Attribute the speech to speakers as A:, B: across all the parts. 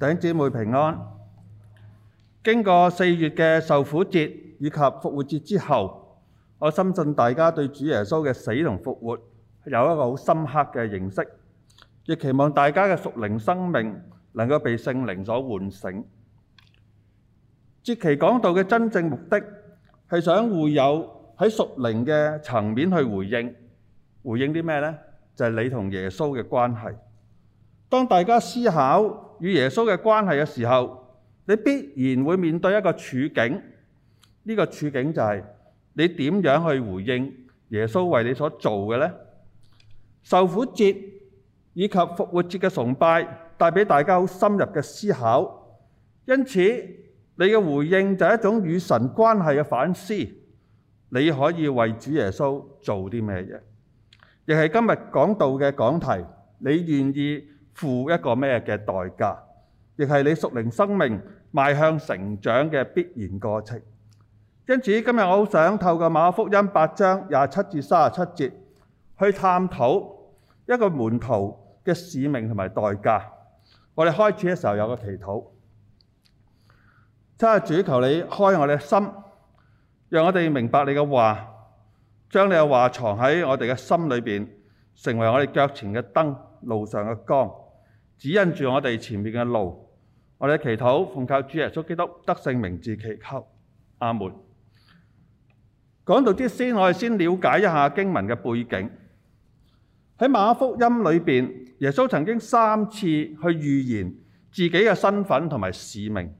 A: 弟兄姐妹平安。經過四月嘅受苦節以及復活節之後，我深信大家對主耶穌嘅死同復活有一個好深刻嘅認識，亦期望大家嘅屬靈生命能夠被聖靈所喚醒。節期講道嘅真正目的係想會友喺屬靈嘅層面去回應，回應啲咩呢？就係你同耶穌嘅關係。當大家思考與耶穌嘅關係嘅時候，你必然會面對一個處境。呢個處境就係你點樣去回應耶穌為你所做嘅呢？受苦節以及復活節嘅崇拜，帶俾大家好深入嘅思考。因此，你嘅回應就係一種與神關係嘅反思，你可以為主耶穌做啲咩嘢？亦係今日講道嘅講題，你願意付一個咩嘅代價，亦係你屬靈生命、邁向成長嘅必然過程。因此，今日我好想透過馬可福音八章廿七至卅七節，去探討一個門徒嘅使命同埋代價。我哋開始嘅時候有個祈禱，即係主求你開我哋嘅心，讓我哋明白你嘅話，將你嘅話藏喺我哋嘅心裏邊，成為我哋腳前嘅燈，路上嘅光，指引住我哋前面嘅路。我哋祈禱，奉靠主耶穌基督得勝，名字祈求。阿門。講道之先，我哋先了解一下經文嘅背景。喺馬福音裏邊，耶穌曾經三次去預言自己嘅身份同埋使命。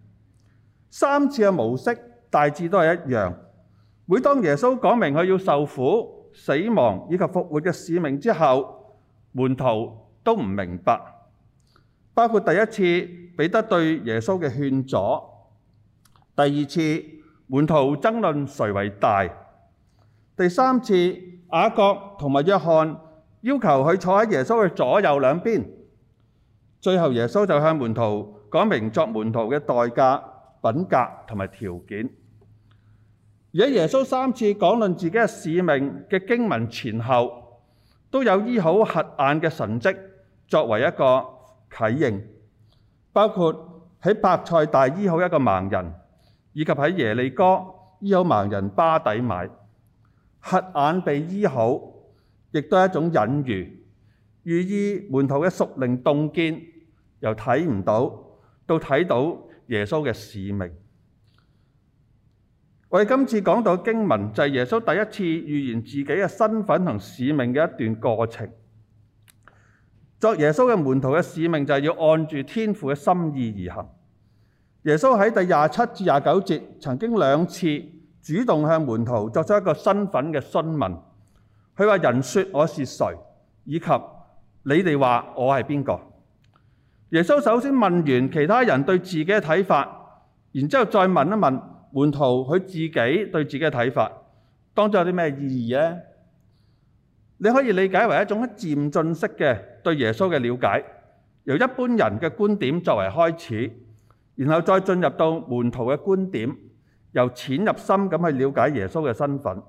A: 三次嘅模式大致都係一樣，每當耶穌講明佢要受苦、死亡以及復活嘅使命之後，門徒。都唔明白，包括第一次彼得對耶穌嘅勸阻，第二次門徒爭論誰為大，第三次雅各同埋約翰要求佢坐喺耶穌嘅左右兩邊，最後耶穌就向門徒講明作門徒嘅代價、品格同埋條件。而喺耶穌三次講論自己嘅使命嘅經文前後，都有醫好瞎眼嘅神跡。作為一個啟應，包括喺伯賽大醫好一個盲人，以及喺耶利哥醫好盲人巴底買。瞎眼被醫好，亦都係一種隱喻，寓意門徒嘅屬靈洞見，由睇唔到到睇到耶穌嘅使命。我哋今次講到經文，就係、是、耶穌第一次預言自己嘅身份同使命嘅一段過程。作耶穌嘅門徒嘅使命就係要按住天父嘅心意而行。耶穌喺第廿七至廿九節曾經兩次主動向門徒作出一個身份嘅詢問。佢話人說我是誰，以及你哋話我係邊個？耶穌首先問完其他人對自己嘅睇法，然之後再問一問門徒佢自己對自己嘅睇法。當中有啲咩意義呢？你可以理解為一種漸進式嘅對耶穌嘅了解，由一般人嘅觀點作為開始，然後再進入到門徒嘅觀點，由淺入深噉去了解耶穌嘅身份。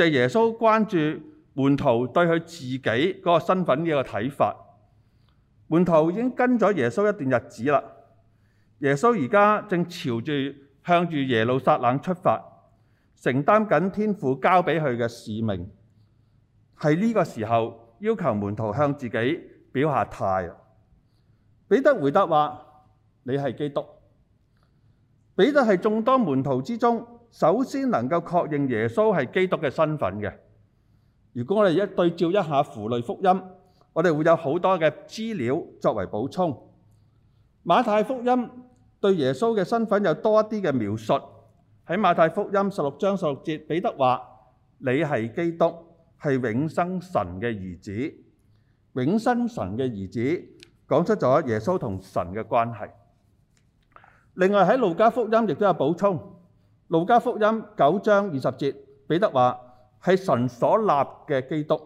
A: 就係耶穌關注門徒對佢自己嗰個身份呢個睇法。門徒已經跟咗耶穌一段日子啦。耶穌而家正朝住向住耶路撒冷出發，承擔緊天父交俾佢嘅使命。喺呢個時候要求門徒向自己表下態。彼得回答話：你係基督。彼得係眾多門徒之中。首先能夠確認耶穌係基督嘅身份嘅。如果我哋一對照一下符類福音，我哋會有好多嘅資料作為補充。馬太福音對耶穌嘅身份有多一啲嘅描述。喺馬太福音十六章十六節，彼得話：你係基督，係永生神嘅兒子。永生神嘅兒子講出咗耶穌同神嘅關係。另外喺路加福音亦都有補充。路加福音九章二十節，彼得話：係神所立嘅基督。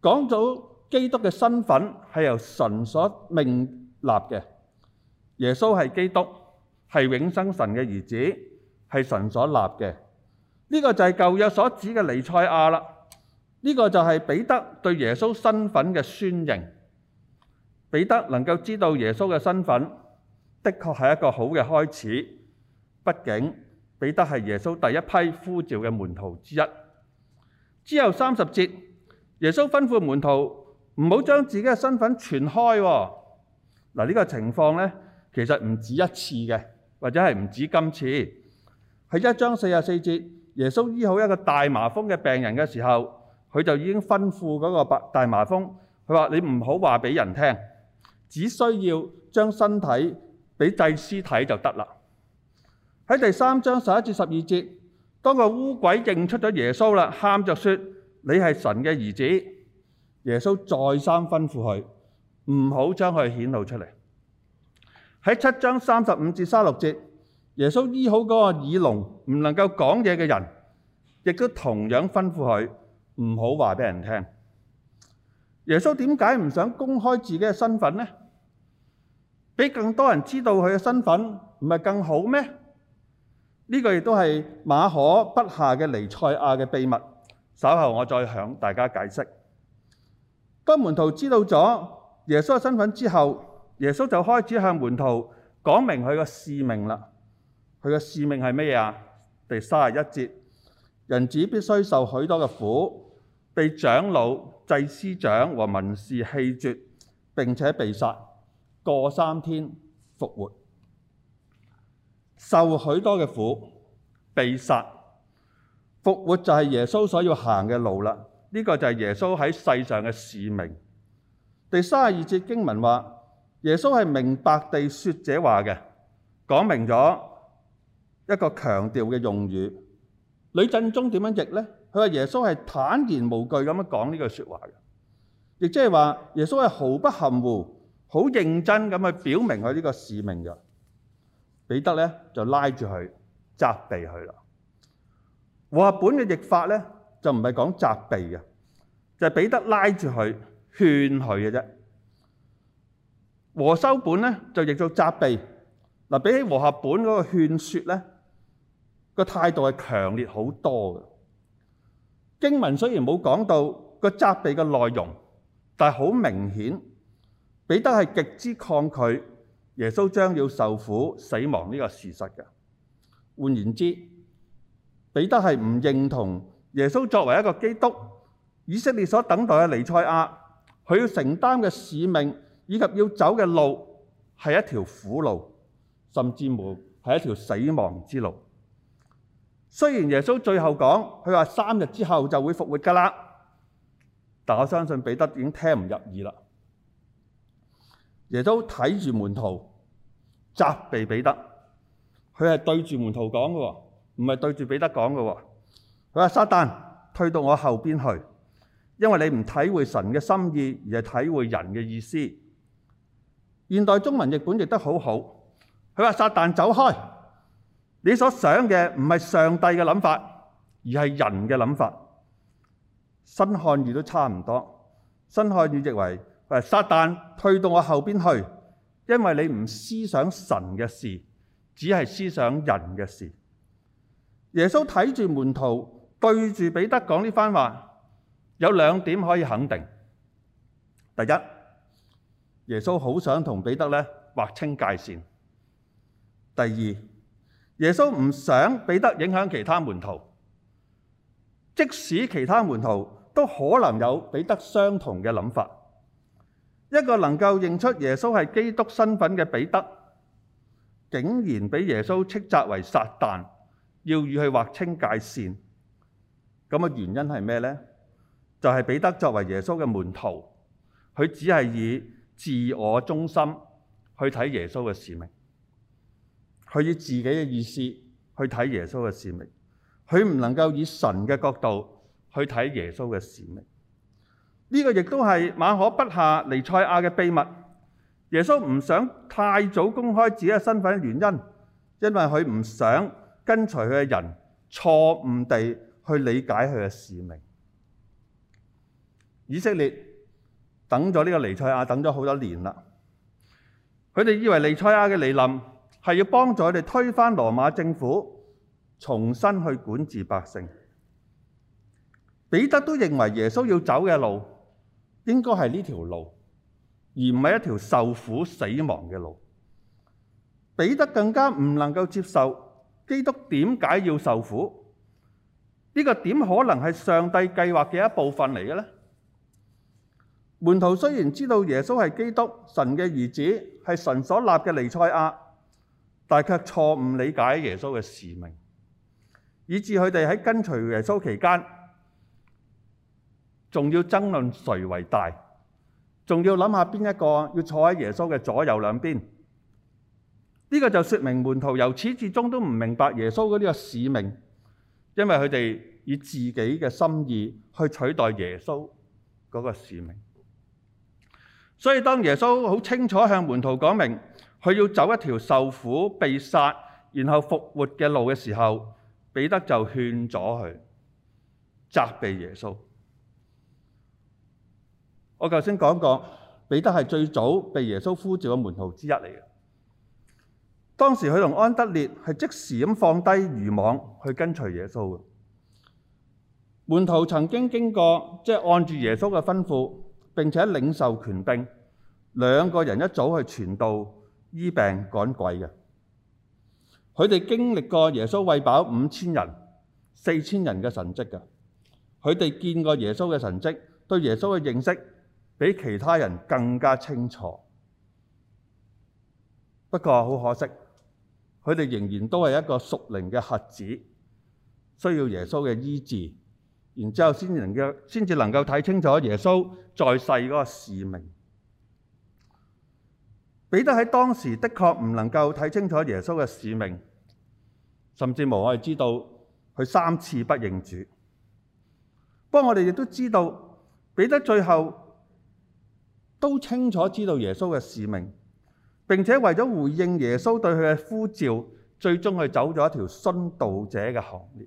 A: 講到基督嘅身份係由神所命立嘅，耶穌係基督，係永生神嘅兒子，係神所立嘅。呢個就係舊約所指嘅彌賽亞啦。呢個就係彼得對耶穌身份嘅宣認。彼得能夠知道耶穌嘅身份，的確係一個好嘅開始。畢竟，彼得係耶穌第一批呼召嘅門徒之一。之後三十節，耶穌吩咐門徒唔好將自己嘅身份傳開。嗱、這、呢個情況咧，其實唔止一次嘅，或者係唔止今次。喺一章四十四節，耶穌醫好一個大麻風嘅病人嘅時候，佢就已經吩咐嗰個白大麻風，佢話：你唔好話俾人聽，只需要將身體俾祭司睇就得啦。喺第三章十一至十二節，當個污鬼認出咗耶穌啦，喊着說：你係神嘅兒子。耶穌再三吩咐佢唔好將佢顯露出嚟。喺七章三十五至三六節，耶穌醫好嗰個耳聾唔能夠講嘢嘅人，亦都同樣吩咐佢唔好話俾人聽。耶穌點解唔想公開自己嘅身份呢？俾更多人知道佢嘅身份，唔係更好咩？呢個亦都係馬可筆下嘅彌賽亞嘅秘密，稍後我再向大家解釋。當門徒知道咗耶穌嘅身份之後，耶穌就開始向門徒講明佢嘅使命啦。佢嘅使命係咩啊？第三十一節，人子必須受許多嘅苦，被長老、祭司長和文士棄絕，並且被殺，過三天復活。受許多嘅苦、被殺、復活就係耶穌所要行嘅路啦。呢、這個就係耶穌喺世上嘅使命。第三十二節經文話：耶穌係明白地説者話嘅，講明咗一個強調嘅用語。呂振中點樣譯呢？佢話耶穌係坦然無懼咁樣講呢句説話嘅，亦即係話耶穌係毫不含糊、好認真咁去表明佢呢個使命嘅。彼得咧就拉住佢，責備佢啦。和合本嘅譯法咧就唔係講責備嘅，就係彼得拉住佢勸佢嘅啫。和修本咧就譯做責備。嗱，比起和合本嗰個勸説咧，個態度係強烈好多嘅。經文雖然冇講到個責備嘅內容，但係好明顯，彼得係極之抗拒。耶穌將要受苦、死亡呢個事實嘅。換言之，彼得係唔認同耶穌作為一個基督、以色列所等待嘅彌賽亞，佢要承擔嘅使命以及要走嘅路係一條苦路，甚至乎係一條死亡之路。雖然耶穌最後講佢話三日之後就會復活㗎啦，但我相信彼得已經聽唔入耳啦。亦都睇住門徒責備彼得，佢係對住門徒講嘅喎，唔係對住彼得講嘅喎。佢話撒旦退到我後邊去，因為你唔體會神嘅心意，而係體會人嘅意思。現代中文譯本譯得好好。佢話撒旦走開，你所想嘅唔係上帝嘅諗法，而係人嘅諗法。新漢語都差唔多，新漢語譯為，撒旦退到我後面去，因為你唔思想神嘅事，只係思想人嘅事。耶穌睇住門徒對住彼得講呢番話，有兩點可以肯定：第一，耶穌好想同彼得咧劃清界線；第二，耶穌唔想彼得影響其他門徒，即使其他門徒都可能有彼得相同嘅諗法。一個能夠認出耶穌係基督身份嘅彼得，竟然俾耶穌斥責為撒旦，要與佢劃清界線。咁嘅原因係咩呢？就係彼得作為耶穌嘅門徒，佢只係以自我中心去睇耶穌嘅使命，佢以自己嘅意思去睇耶穌嘅使命，佢唔能夠以神嘅角度去睇耶穌嘅使命。呢個亦都係馬可筆下彌賽亞嘅秘密。耶穌唔想太早公開自己嘅身份原因，因為佢唔想跟隨佢嘅人錯誤地去理解佢嘅使命。以色列等咗呢個彌賽亞等咗好多年啦。佢哋以為彌賽亞嘅嚟臨係要幫助佢哋推翻羅馬政府，重新去管治百姓。彼得都認為耶穌要走嘅路應該係呢條路，而唔係一條受苦死亡嘅路。彼得更加唔能夠接受，基督點解要受苦？呢、這個點可能係上帝計劃嘅一部分嚟嘅呢？門徒雖然知道耶穌係基督、神嘅兒子，係神所立嘅彌賽亞，但係卻錯誤理解耶穌嘅使命，以致佢哋喺跟隨耶穌期間，仲要爭論誰為大，仲要諗下邊一個要坐喺耶穌嘅左右兩邊，呢個就說明門徒由始至終都唔明白耶穌嘅呢個使命，因為佢哋以自己嘅心意去取代耶穌嗰個使命。所以當耶穌好清楚向門徒講明佢要走一條受苦、被殺然後復活嘅路嘅時候，彼得就勸咗佢，責備耶穌。我頭先講過，彼得係最早被耶穌呼召嘅門徒之一嚟嘅。當時佢同安德烈係即時咁放低漁網去跟隨耶穌嘅門徒曾經經過，即係按住耶穌嘅吩咐並且領受權柄，兩個人一組去傳道、醫病、趕鬼嘅。佢哋經歷過耶穌餵飽五千人、四千人嘅神跡㗎。佢哋見過耶穌嘅神跡，對耶穌嘅認識，比其他人更加清楚，不過好可惜，佢哋仍然都係一個屬靈嘅瞎子，需要耶穌嘅醫治，然之後先能夠先至能夠睇清楚耶穌在世嗰個使命。彼得喺當時的確唔能夠睇清楚耶穌嘅使命，甚至無奈知道佢三次不認主。不過我哋亦都知道，彼得最後都清楚知道耶穌嘅使命，並且為咗回應耶穌對佢嘅呼召，最終去走咗一條殉道者嘅行列。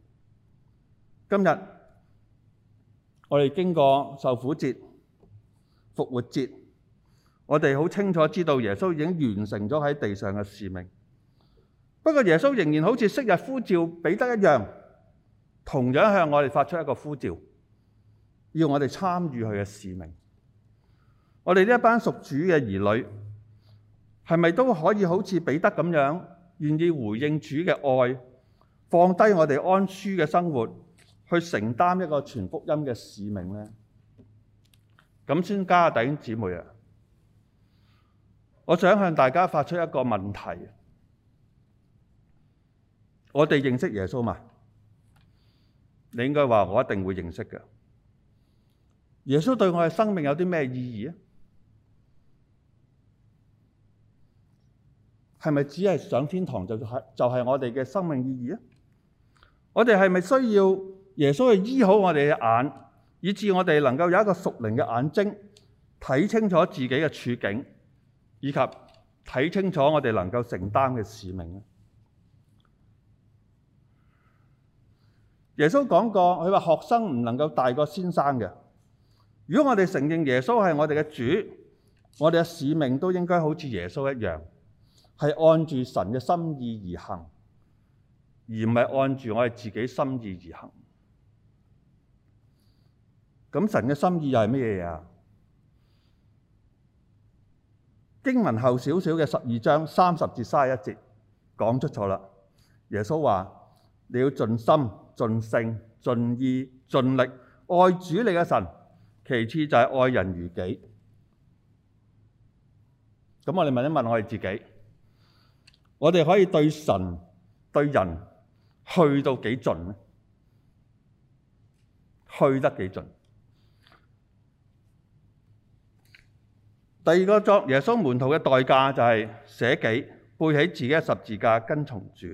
A: 今日我哋經過受苦節、復活節，我哋好清楚知道耶穌已經完成咗喺地上嘅使命。不過耶穌仍然好似昔日呼召彼得一樣，同樣向我哋發出一個呼召，要我哋參與佢嘅使命。我哋呢一班屬主嘅兒女，係咪都可以好似彼得咁樣，願意回應主嘅愛，放低我哋安舒嘅生活，去承擔一個全福音嘅使命呢？咁先加底姊妹啊！我想向大家發出一個問題：我哋認識耶穌嘛？你應該話我一定會認識嘅。耶穌對我嘅生命有啲咩意義啊？係咪只係上天堂就係就係我哋嘅生命意義啊？我哋係咪需要耶穌去醫好我哋嘅眼，以致我哋能夠有一個屬靈嘅眼睛，睇清楚自己嘅處境，以及睇清楚我哋能夠承擔嘅使命咧？耶穌講過，佢話學生唔能夠大過先生嘅。如果我哋承認耶穌係我哋嘅主，我哋嘅使命都應該好似耶穌一樣。係按住神嘅心意而行，而唔係按住我哋自己心意而行。咁神嘅心意又係咩嘢啊？經文後少少嘅十二章三十至卅一節講出錯啦。耶穌話：你要盡心、盡性、盡意、盡力愛主你嘅神。其次就係愛人如己。咁我哋問一問我哋自己。我哋可以對神、對人去到幾盡呢？去得幾盡？第二個作耶穌門徒嘅代價就係捨己，背起自己嘅十字架跟從主。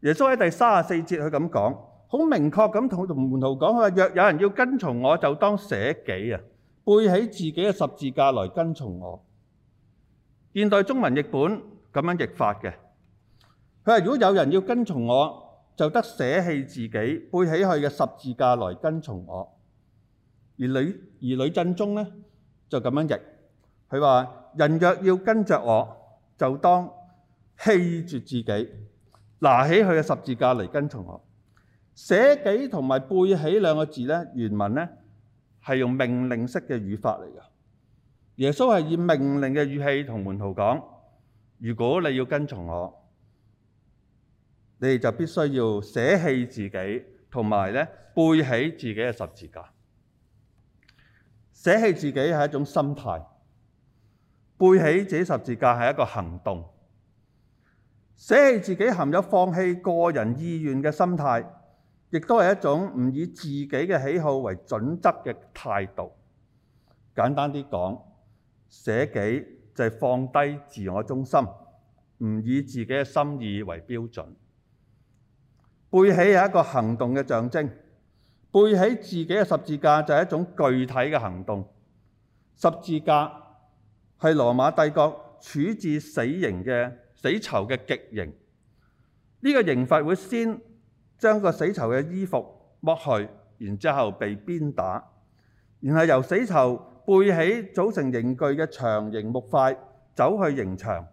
A: 耶穌喺第三十四節佢咁講，好明確咁同門徒講：若有人要跟從我，就當捨己啊，背起自己嘅十字架來跟從我。現代中文譯本。咁樣譯法嘅，佢話：如果有人要跟從我，就得捨棄自己，背起佢嘅十字架來跟從我。而呂而呂振中咧就咁樣譯，佢話：人若要跟着我，就當棄絕自己，拿起佢嘅十字架嚟跟從我。捨己同埋背起兩個字咧，原文咧係用命令式嘅語法嚟嘅。耶穌係以命令嘅語氣同門徒講。如果你要跟從我，你就必須要捨棄自己，同埋咧背起自己嘅十字架。捨棄自己係一種心態，背起自己十字架係一個行動。捨棄自己含有放棄個人意願嘅心態，亦都係一種唔以自己嘅喜好為準則嘅態度。簡單啲講，捨己。就係放低自我中心，唔以自己嘅心意為標準。背起係一個行動嘅象徵，背起自己嘅十字架就係一種具體嘅行動。十字架係羅馬帝國處置死刑嘅死囚嘅極刑。呢個刑罰會先將個死囚嘅衣服剝去，然之後被鞭打，然後由死囚背起組成刑具嘅長形木塊，走去刑場，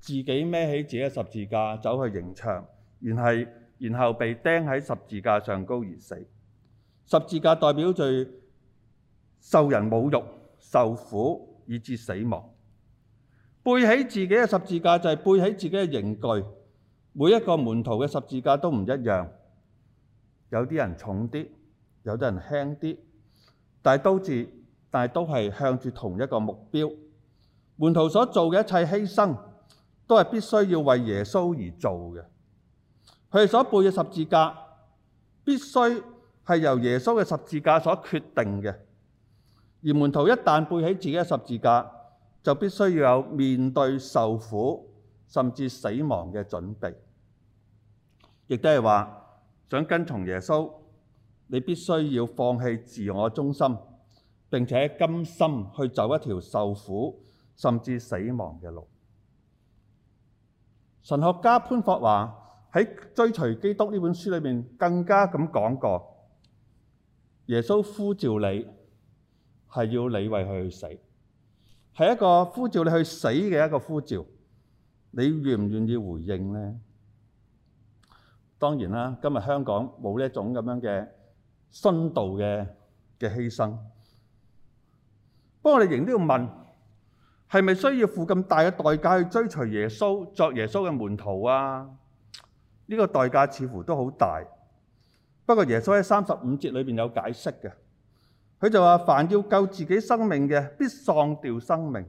A: 自己孭起自己嘅十字架，走去刑場，然係然後被釘喺十字架上高而死。十字架代表罪，受人侮辱、受苦以至死亡。背起自己嘅十字架就係背起自己嘅刑具。每一個門徒嘅十字架都唔一樣，有啲人重啲，有啲人輕啲。大都至，但都係向住同一個目標。門徒所做嘅一切犧牲，都係必須要為耶穌而做嘅。佢哋所背嘅十字架，必須係由耶穌嘅十字架所決定嘅。而門徒一旦背起自己嘅十字架，就必須要有面對受苦，甚至死亡嘅準備。亦都係話，想跟從耶穌。你必須要放棄自我中心，並且甘心去走一條受苦甚至死亡嘅路。神學家潘霍華喺《追隨基督》呢本書裏面更加咁講過，耶穌呼召你係要你為佢去死，係一個呼召你去死嘅一個呼召。你願唔願意回應呢？當然啦，今日香港冇呢一種咁樣嘅。深度嘅嘅犧牲，不過我哋仍都要問，係咪需要付咁大嘅代價去追隨耶穌、作耶穌嘅門徒啊？呢個代價似乎都好大。不過耶穌喺三十五節裏邊有解釋嘅，佢就話：凡要救自己生命嘅，必喪掉生命；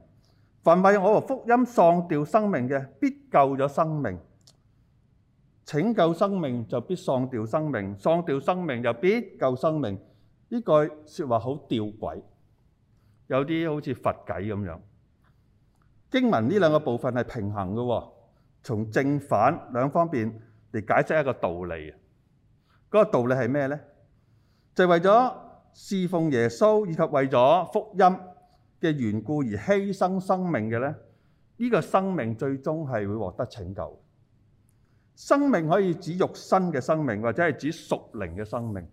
A: 凡為我和福音喪掉生命嘅，必救咗生命。拯救生命就必喪掉生命，喪掉生命又必救生命，呢句說話好吊詭。生命可以指肉身嘅生命，或者係指屬靈嘅生命。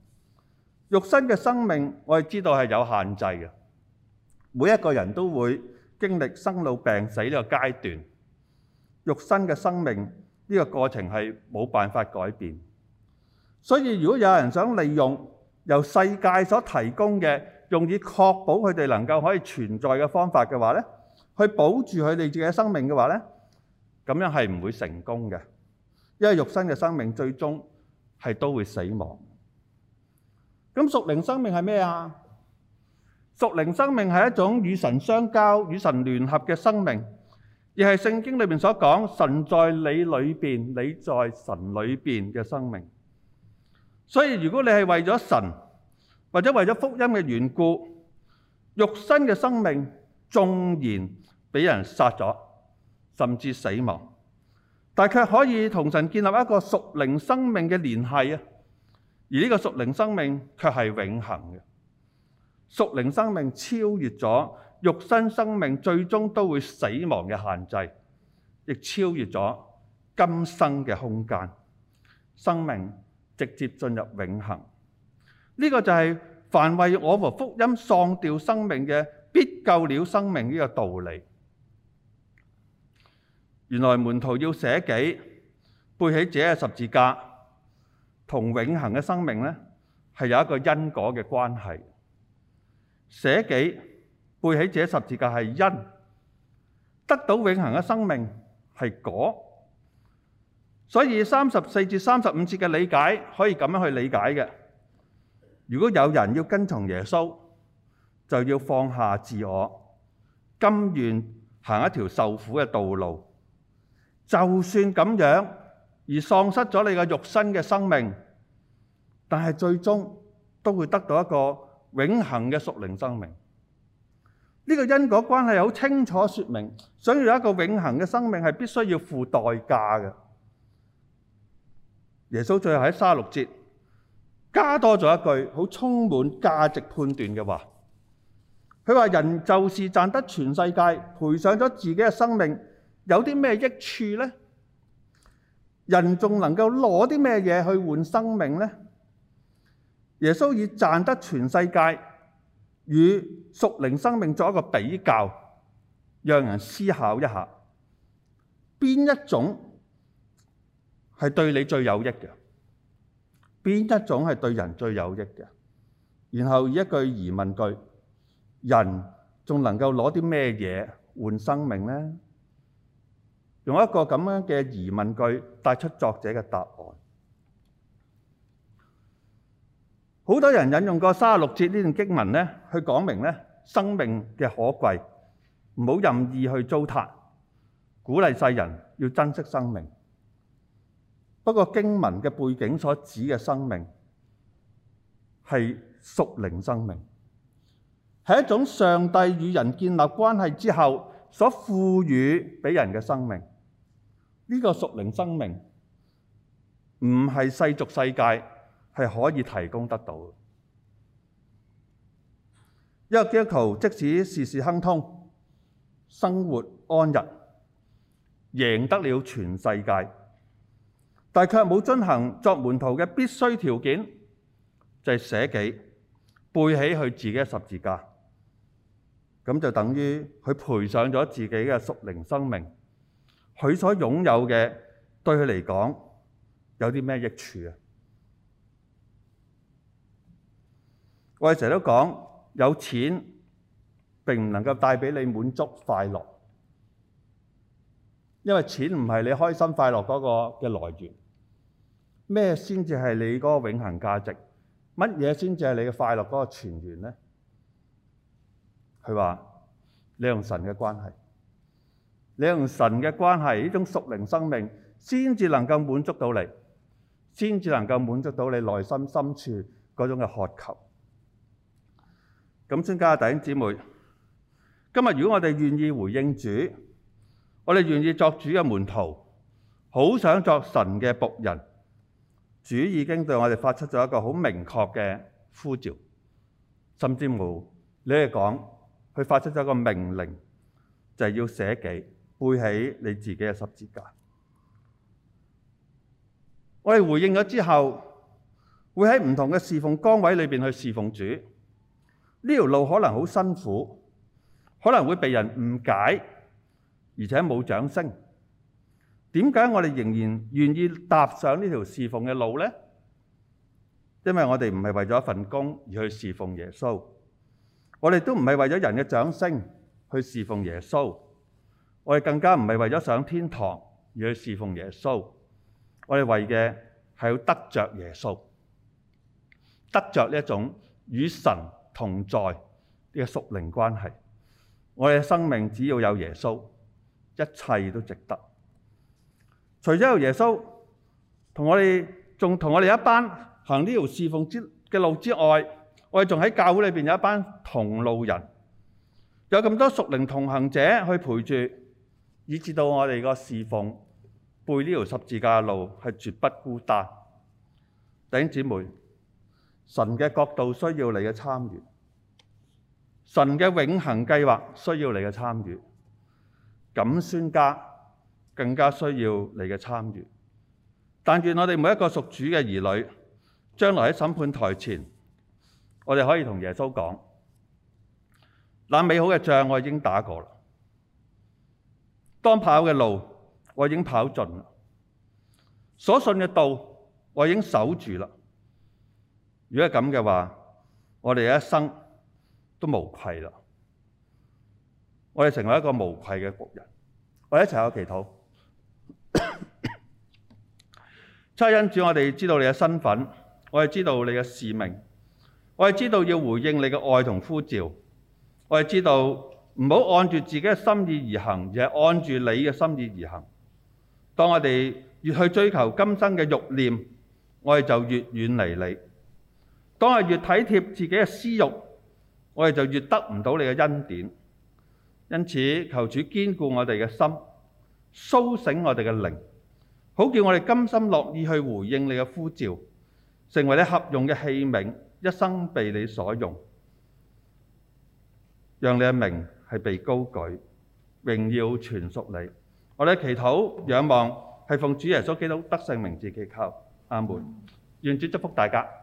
A: 肉身嘅生命，我哋知道係有限制嘅。每一個人都會經歷生老病死呢個階段。肉身嘅生命呢個過程係冇辦法改變，所以如果有人想利用由世界所提供嘅用以確保佢哋能夠可以存在嘅方法嘅話咧，去保住佢哋自己嘅生命嘅話咧，咁樣係唔會成功嘅。因為肉身嘅生命最終係都會死亡。咁屬靈生命係咩啊？屬靈生命係一種與神相交、與神聯合嘅生命，亦係聖經裏面所講神在你裏邊，你在神裏邊嘅生命。所以如果你係為咗神或者為咗福音嘅緣故，肉身嘅生命縱然俾人殺咗，甚至死亡。但卻可以同神建立一個屬靈生命嘅聯繫啊！而呢個屬靈生命卻係永恆嘅，屬靈生命超越咗肉身生命最終都會死亡嘅限制，亦超越咗今生嘅空間，生命直接進入永恆。呢個就係凡為我和福音喪掉生命嘅，必救了生命呢個道理。原來門徒要捨己背起這十字架，同永恆嘅生命呢係有一個因果嘅關係。捨己背起這十字架係因，得到永恆嘅生命係果。所以三十四至三十五節嘅理解可以咁樣去理解嘅。如果有人要跟從耶穌，就要放下自我，甘願行一條受苦嘅道路。就算咁樣而喪失咗你個肉身嘅生命，但係最終都會得到一個永恆嘅屬靈生命。呢、這個因果關係好清楚説明，想要有一個永恆嘅生命係必須要付代價嘅。耶穌最後喺三十六節加多咗一句好充滿價值判斷嘅話，佢話：人就是賺得全世界，賠上咗自己嘅生命。有啲咩益處咧？人仲能夠攞啲咩嘢去換生命咧？耶穌以賺得全世界與屬靈生命作一個比較，讓人思考一下，邊一種係對你最有益嘅？邊一種係對人最有益嘅？然後以一句疑問句：人仲能夠攞啲咩嘢換生命咧？用一個咁樣嘅疑問句帶出作者嘅答案。好多人引用過三十六節呢段經文咧，去講明咧生命嘅可貴，唔好任意去糟蹋，鼓勵世人要珍惜生命。不過經文嘅背景所指嘅生命係屬靈生命，係一種上帝與人建立關係之後所賦予俾人嘅生命。呢個屬靈生命唔係世俗世界係可以提供得到，因為基督徒即使事事亨通、生活安逸、贏得了全世界，但卻冇進行作門徒嘅必須條件，就係、是、捨己背起佢自己嘅十字架，咁就等於佢賠上咗自己嘅屬靈生命。佢所擁有嘅對佢嚟講有啲咩益處啊？我哋成日都講有錢並唔能夠帶俾你滿足快樂，因為錢唔係你開心快樂嗰個嘅來源。咩先至係你嗰個永恆價值？乜嘢先至係你嘅快樂嗰個泉源咧？佢話你同神嘅關係。你同神嘅關係，呢種屬靈生命，先至能夠滿足到你，先至能夠滿足到你內心深處嗰種嘅渴求。咁，尊敬嘅弟兄姊妹，今日如果我哋願意回應主，我哋願意作主嘅門徒，好想作神嘅僕人，主已經對我哋發出咗一個好明確嘅呼召，甚至乎你哋講，佢發出咗一個命令，就係要捨己。背起你自己嘅十字架。我哋回應咗之後，會喺唔同嘅侍奉崗位裏面去侍奉主。呢條路可能好辛苦，可能會被人誤解，而且冇掌聲。點解我哋仍然願意踏上呢條侍奉嘅路呢？因為我哋唔係為咗一份工而去侍奉耶穌，我哋都唔係為咗人嘅掌聲去侍奉耶穌。我哋更加唔係為咗上天堂而去侍奉耶穌，我哋為嘅係要得著耶穌，得著呢一種與神同在嘅屬靈關係。我哋嘅生命只要有耶穌，一切都值得。除咗有耶穌同我哋，仲同我哋一班行呢條侍奉嘅路之外，我哋仲喺教會裏面有一班同路人，有咁多屬靈同行者去陪住。以至到我哋個侍奉背呢條十字架嘅路係絕不孤單。弟兄姊妹，神嘅國度需要你嘅參與，神嘅永恆計劃需要你嘅參與，咁宣教更加需要你嘅參與。但願我哋每一個屬主嘅兒女，將來喺審判台前，我哋可以同耶穌講：嗱，美好嘅仗我已經打過啦。當跑嘅路，我已經跑盡啦；所信嘅道，我已經守住啦。如果係咁嘅話，我哋一生都無愧啦。我哋成為一個無愧嘅僕人。我哋一齊去祈禱。 七恩主，我哋知道你嘅身份，我哋知道你嘅使命，我哋知道要回應你嘅愛同呼召，我哋知道。唔好按住自己嘅心意而行，而係按住你嘅心意而行。當我哋越去追求今生嘅慾念，我哋就越遠離你；當我越體貼自己嘅私慾，我哋就越得唔到你嘅恩典。因此，求主堅固我哋嘅心，甦醒我哋嘅靈，好叫我哋甘心樂意去回應你嘅呼召，成為你合用嘅器皿，一生被你所用，讓你嘅名，係被高舉，榮耀全屬你。我哋祈禱仰望，係奉主耶穌基督得勝名字祈求。阿門。願主祝福大家。